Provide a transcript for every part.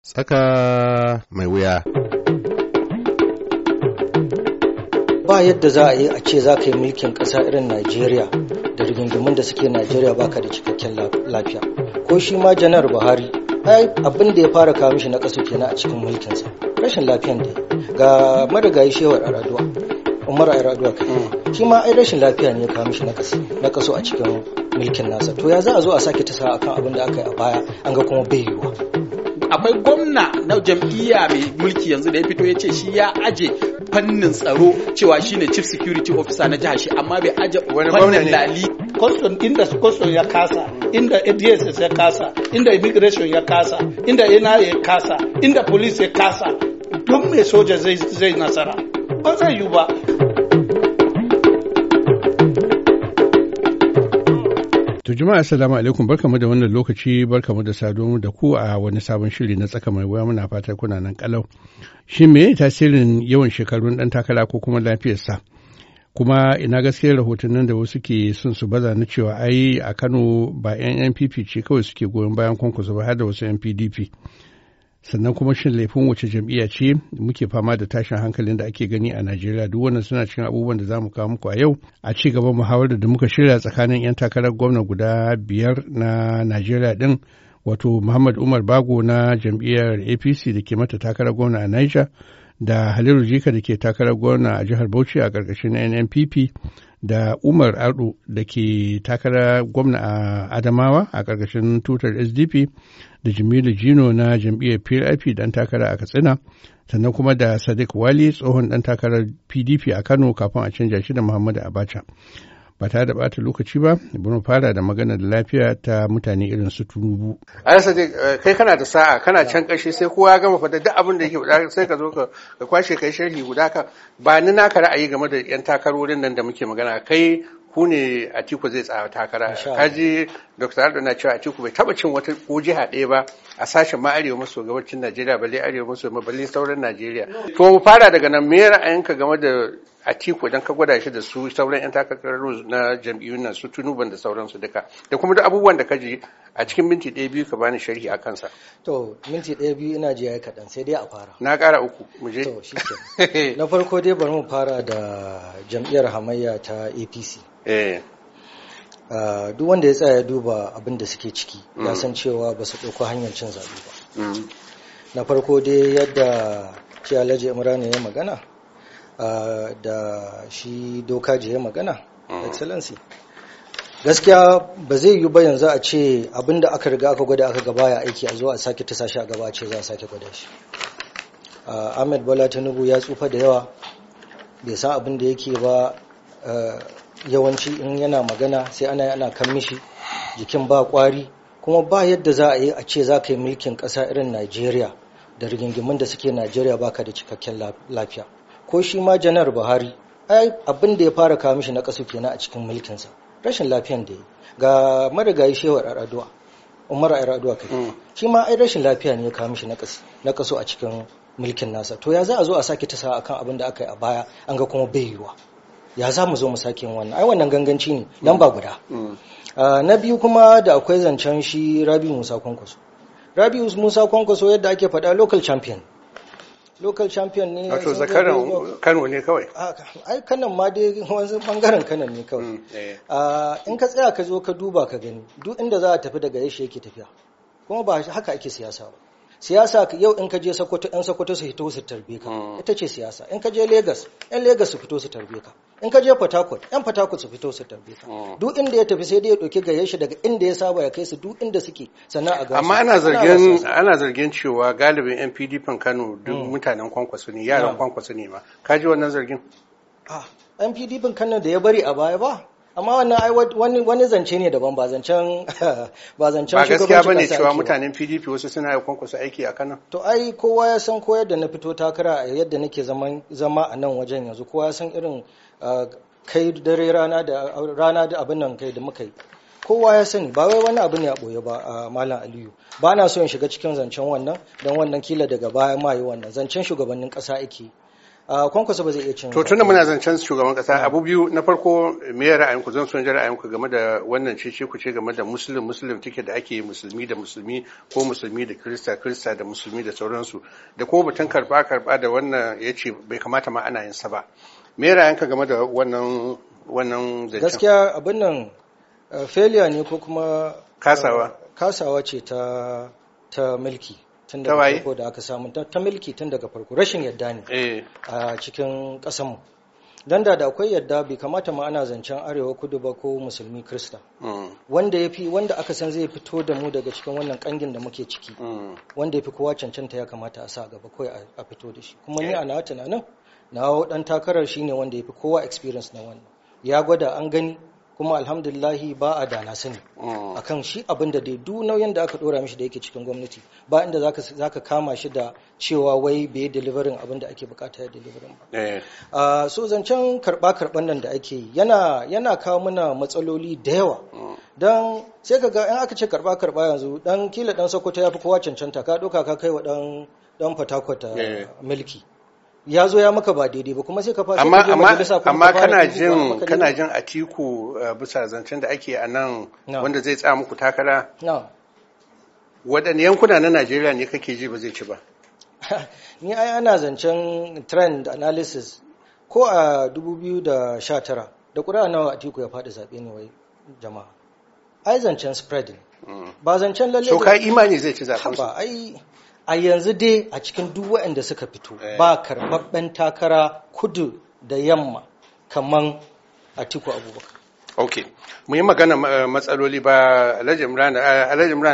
Tsaka mai wuya. Ba yadda za a yi a ce za ka yi mulkin ƙasa irin Najeriya da rigingimin da suke Najeriya baka da cikakken lafiya. Ko shi ma janar Buhari, ai abin da ya fara kawo mishi na ƙasa kenan a cikin mulkinsa. Rashin lafiyan da ga marigayi shewar Araduwa, Umar Araduwa kai. Mm. Shi ma ai rashin lafiya ne ya kawo mishi na kaso a cikin mulkin nasa. To ya za a zo a sake tasa akan abin da aka yi a baya an ga kuma bai yiwuwa. akwai gwamna na jam'iyya mai mulki yanzu da ya fito ya ce shi ya aje fannin tsaro cewa shine chief security officer na jihar shi amma bai aje fannin lali custom inda custom ya kasa inda DSS ya kasa inda immigration ya kasa inda ina ya kasa inda police ya kasa duk mai soja zai nasara ba zai yi ba To jama'a assalamu alaikum barkamu da wannan lokaci barkamu da sado da ku a wani sabon shiri na tsaka mai waya muna fata kuna nan kalau. Shi me tasirin yawan shekarun dan takara ko kuma lafiyarsa? Kuma ina gaskiyar nan da wasu ke son su baza na cewa ai a Kano ba 'yan NPP ce kawai suke goyon bayan kwankwaso ba har da wasu NPDP. sannan kuma shin laifin wace jam'iyya ce muke fama da tashin hankalin da ake gani a najeriya duk wannan suna cikin abubuwan da za mu kawo muku a yau a ci gaban muhawarar da muka shirya tsakanin 'yan takarar gwamna guda biyar na najeriya din wato muhammad umar bago na jam'iyyar apc da ke mata takarar gwamna a niger da Halilu Jika da ke takarar gwamna a jihar Bauchi a ƙarƙashin NNPP da Umar Ardu da ke takarar gwamna a Adamawa a ƙarƙashin tutar SDP da Jamilu Jino na jam'iyyar PRP dan takara a Katsina sannan kuma da Sadiq Wali tsohon dan takarar PDP a Kano kafin a canja shi da Muhammadu Abacha. ba ta da bata lokaci ba bari mu fara da magana da lafiya ta mutane irin su tunubu alasa eh, kai kana da sa'a kana can kashi sai kowa gama fada duk abin da yake guda sai ka zo ka kwashe kai sharhi guda ka ba ni naka ra'ayi game da yan takarorin nan da muke magana kai ku ne Atiku zai tsaya takara Ka ji Dr. Aldo na cewa Atiku bai taba cin wata ko jiha ɗaya ba a sashen ma arewa maso gabacin Najeriya balle arewa maso balle sauran Najeriya to mu fara daga nan me ra'ayinka game da a tiko idan ka gwada shi da su sauran 'yan takarar na jam'iyyun nan su tunuban da sauransu duka da kuma duk abubuwan da ka ji a cikin minti ɗaya biyu ka bani sharhi a kansa to minti ɗaya biyu ina jiya yayi kaɗan sai dai a fara na ƙara uku mu je to ke na farko dai bari mu fara da jam'iyyar hamayya ta APC eh ah, duk wanda ya tsaya duba abin da suke ciki ya mm. san cewa ba su ɗauko hanyar cin zaɓe ba mm. na farko dai yadda ce imrani ya magana da shi doka je magana mm. excellency gaskiya ba zai yi ba yanzu a ce abinda aka riga aka gwada aka gaba ya aiki a zo a sake ta sashi a gaba a ce za a sake gwada shi ahmed Bala tinubu ya tsufa da yawa bai sa abin da yake ba yawanci in yana magana sai ana ana kan mishi jikin ba kwari kuma ba yadda za a yi a ce za ka yi mulkin ƙasa irin najeriya da rigingimin da suke najeriya baka da cikakken lafiya ko shi ma janar buhari ai abin da ya fara kawo mishi na kasu kenan a cikin mulkinsa rashin lafiyan da ya ga marigayi shewar araduwa umar araduwa kai mm. shi ma ai rashin lafiya ne ya kawo mishi na kasu a cikin mulkin nasa to ya za a zo a sake sa akan abin da aka yi a baya an ga kuma bai yiwa ya za mu zo mu sake yin wannan ai wannan ganganci ne nan mm. ba guda mm. na biyu kuma da akwai zancen shi rabi musa kwankwaso rabi musa kwankwaso yadda ake faɗa local champion local champion ne wato zakaran kano ne kawai ah, ai kanan ma dai wanzu bangaren kanan ne kawai mm, eh. ah, in ka tsaya ka zo ka duba ka gani duk inda za a tafi daga yashi yake tafiya kuma ba haka ake siyasa ba siyasa yau in ka je sokoto yan sokoto su fito su tarbe ka mm. ita ce siyasa in ka je lagos yan lagos su fito su tarbe ka in ka je Fatakwal yan Fatakwal su fito su tarbe ka oh. duk inda ya tafi sai dai ya ɗauki gare shi daga inda ya saba ya kai su duk inda suke sannan a gasa amma ana zargin ana zargin cewa galibin NPD PDP Kano duk hmm. mutanen kwankwaso ne yaran hmm. kwankwaso ne ma ka ji wannan zargin a ah, NPD PDP Kano da ya bari a baya ba amma wannan ai wani wani zance ne daban ba zancen ba zancen ba gaskiya bane cewa mutanen PDP wasu suna yi kwankwaso aiki a kanan to ai kowa ya san koyar da na fito takara yadda nake zaman zama a nan wajen yanzu kowa ya san irin kai dare rana da abin nan kai da muka yi kowa ya sani ba wai wani abu ne a boye ba a malam aliyu ba na so in shiga cikin zancen wannan don wannan kila daga baya ma wannan zancen shugabannin ƙasa ake kwankwasa ba zai iya cin to tunda muna zancen shugaban kasa abu biyu na farko me ya ra'ayin ku zan so ji ra'ayin ku game da wannan cece ku ce game da muslim muslim tike da ake musulmi da musulmi ko musulmi da krista krista da musulmi da sauransu da ko batun karba karba da wannan ya ce bai kamata ma ana yin sa ba me ra'ayinka game da wannan wannan zancen gaskiya abin nan uh, failure ne ko kuma kasawa uh, kasawa ce ta ta mulki tun daga farko da aka samu ta milki tun daga farko rashin yadda ne a eh. uh, cikin ƙasanmu don da akwai yadda bai kamata ma ana zancen arewa kudu ba ko musulmi krista mm. wanda ya fi wanda aka san zai fito da mu daga cikin wannan kangin da muke ciki mm. wanda ya fi kowa cancanta ya kamata a sa gaba kawai a fito da shi kuma ni ana tunanin na dan takarar shine wanda ya fi kowa experience na wannan ya gwada an gani kuma alhamdulillahi ba a dana sani mm. kan shi abinda dai duk nauyin da aka dora mishi da yake cikin gwamnati ba inda zaka kama shi da cewa wai bai delivering abin da ake bukata ya delivering ba eh. ah, so zancen karba karban nan da ake yi yana yana kawo mana matsaloli da yawa mm. don sai ka ga in aka ce karba karba yanzu dan kila dan sokoto ya fi kowa cancanta ka ɗauka ka kai wa dan dan fatakwata eh. milki ya zo ya maka ba daidai ba kuma sai ka fashe majalisa kuma amma kana jin kana jin Atiku eh, bisa zancen da ake a nan wanda zai tsaya muku takara waɗanne yankuna na Najeriya ne kake ji ba zai ci ba ni ai ana zancen trend analysis ko a 2019 da ƙuri'a nawa Atiku ya faɗi zaɓe ne wai jama'a ai zancen spreading. Mm. ba zancen lalle so ka imani zai ci zaɓen ba ai a yanzu dai a cikin duk waɗanda suka fito eh. ba karɓaɓɓen takara kudu da yamma a atiku abubakar ok mu yi magana eh, matsaloli ba alhaji imran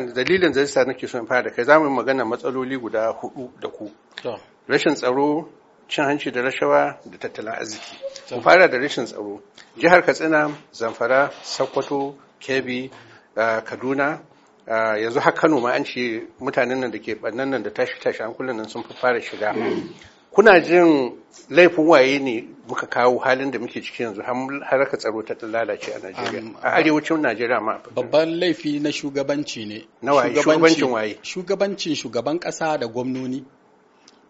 eh, dalilin zai sa nake son fara da kai za mu yi magana matsaloli guda hudu da ku rashin tsaro cin hanci da rashawa da tattalin arziki mu fara da rashin tsaro jihar katsina zamfara sokoto kebbi kaduna Ah, yanzu haka Kano ma an ce mutanen nan da ke bannan nan da tashi tashi an kullun nan sun fara shiga kuna jin laifin waye ne muka kawo halin da muke ciki yanzu har haraka tsaro ta lalace a Najeriya a arewacin Najeriya ma babban laifi na shugabanci ne na waye shugabancin waye shugabancin shugaban kasa da gwamnoni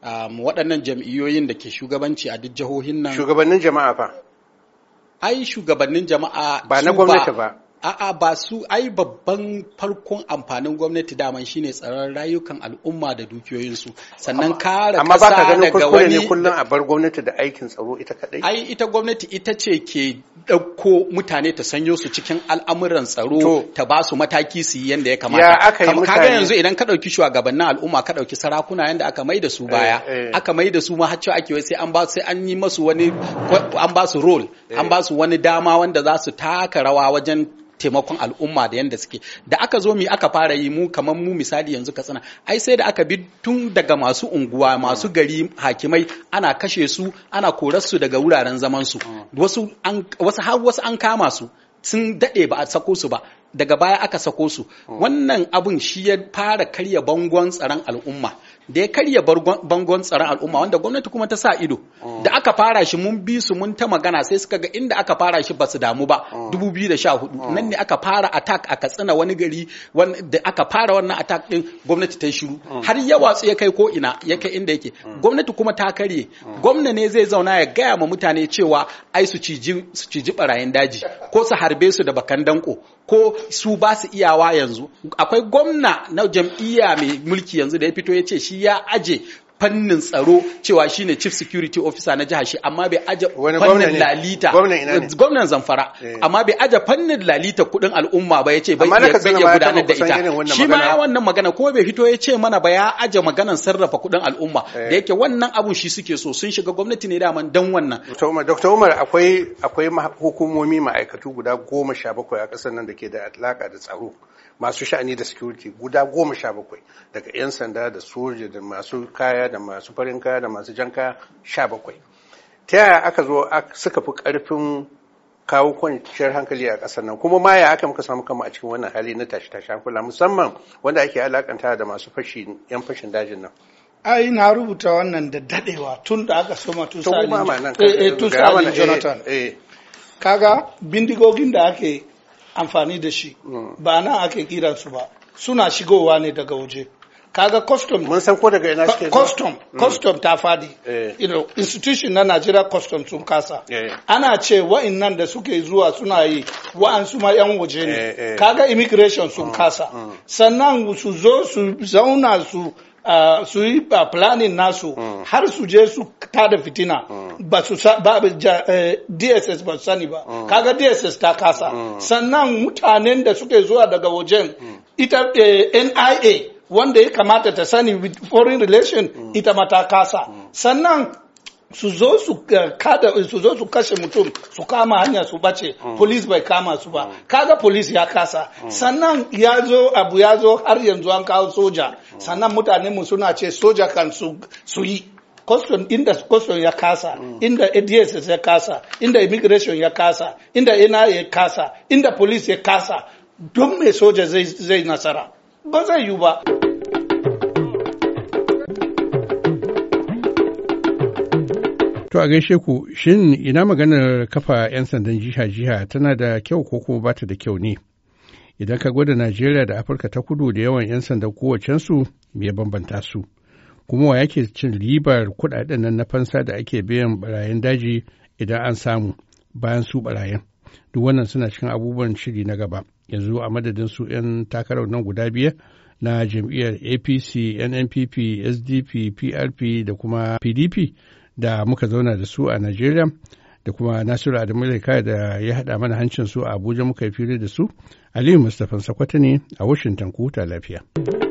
waɗannan jam'iyyoyin da ke shugabanci a duk jihohin nan shugabannin jama'a fa ai shugabannin jama'a ba na gwamnati ba A'a ba su ai babban farkon amfanin gwamnati daman shine tsaron rayukan al'umma da dukiyoyinsu sannan kare kasa daga wani ne kullum a bar gwamnati da aikin tsaro ita kadai ai ita gwamnati ita ce ke dauko mutane ta sanyo su cikin al'amuran tsaro ta ba su mataki su yi yanda ya kamata kaga yanzu idan ka dauki shugabannin al'umma ka dauki sarakuna yanda aka maida su eh, baya eh. aka maida su ma har ake wai sai an ba sai an yi musu wani an ba su role an eh. ba su wani dama wanda za su taka rawa wajen taimakon al'umma da yanda suke da aka zo mi aka fara yi mu kamar mu misali yanzu katsina ai sai da aka bi tun daga masu unguwa masu gari hakimai ana kashe su ana korar su daga wuraren zaman su mm. wasu har wasu an kama su sun daɗe ba a sako su ba daga baya aka sako su hmm. wannan abun shi ya fara karya bangon tsaron al'umma da ya karya bangon tsaron al'umma wanda gwamnati kuma ta sa ido hmm. da aka fara shi mun bi su mun ta magana sai suka ga inda aka fara shi ba su damu ba 2014 hmm. nan ne aka fara attack a katsina wani gari da aka fara wannan attack din gwamnati ta shiru har ya watsu ya kai ko ina ya kai inda yake gwamnati kuma ta karye gwamna ne zai zauna ya gaya ma mutane cewa ai su ciji barayin daji ko su harbe su da bakan danko ko su ba su iyawa yanzu akwai gwamna na jam'iyya mai mulki yanzu da ya fito ya ce shi ya aje fannin tsaro cewa shine chief security officer na jihar shi eh. amma bai aje fannin lalita gwamnan zamfara amma bai aje fannin lalita kudin al'umma ba yace bai iya gudanar da ita shi ma wannan magana kuma bai fito yace mana ba ya aje maganan sarrafa kudin al'umma eh. da yake wannan abun shi suke so sun shiga gwamnati ne daman dan wannan Dr. Umar akwai akwai hukumomi ma'aikatu guda goma sha bakwai a ƙasar nan da ke da alaka da tsaro masu sha'ani da security guda goma sha bakwai daga 'yan sanda da soja da masu kaya kaya da masu farin kaya da masu jan kaya sha bakwai ta yaya aka zo suka fi karfin kawo kwanciyar hankali a ƙasar nan kuma ma ya aka muka samu kama a cikin wannan hali na tashi tashi hankula musamman wanda ake alakanta da masu fashi yan fashin dajin nan ai na rubuta wannan da dadewa tun da aka soma tun sa'alin eh, eh, eh, jonathan kaga bindigogin da ake amfani da shi mm. ba nan ake kiransu ba suna shigowa ne daga waje kaga custom mun san ko daga ina suke custom mm. custom ta fadi eh. you know institution na Najeriya custom sun kasa eh. ana ce wa'annan da suke zuwa suna yi wa'ansu ma yan waje ne eh, kaga immigration sun mm, kasa mm. sannan su zo su zauna su Uh, su yi ah, planning nasu mm. har su je su da fitina mm. ba su ba ja, DSS ba sani ba mm. kaga DSS ta kasa sannan mutanen da suke zuwa daga wajen ita eh, NIA wanda ya kamata ta sani with foreign relation mm. ita ma ta kasa mm. sannan su zo su eh, kada su zo su kashe mutum su kama hanya su bace mm. police bai kama su ba kaga police ya kasa sannan ya zo abu ya zo har yanzu an kawo soja sannan mutane mu suna ce soja kan su yi custom inda custom ya kasa inda ADSS ya kasa inda immigration ya kasa inda ina ya kasa inda police ya kasa don mai soja zai nasara ba zai yi ba To a gaishe ku shin ina maganar kafa 'yan sandan jiha-jiha tana da kyau ko kuma ba ta da kyau ne? Idan ka gwada Najeriya da Afirka ta kudu da yawan 'yan sanda kowacensu me bambanta su? Kuma wa yake cin ribar kuɗaɗen nan na fansa da ake biyan barayin daji idan an samu bayan su barayin? Duk wannan suna cikin abubuwan shiri na gaba. Yanzu a madadin su 'yan takarar nan guda biyar na jam'iyyar APC, NNPP, SDP, PRP da kuma PDP. da muka zauna da su a Najeriya da kuma Nasiru Adamu laika da ya haɗa mana hancin su a Abuja muka yi fili da su. Aliyu Mustapha Sakwata ne a Washington ku huta lafiya.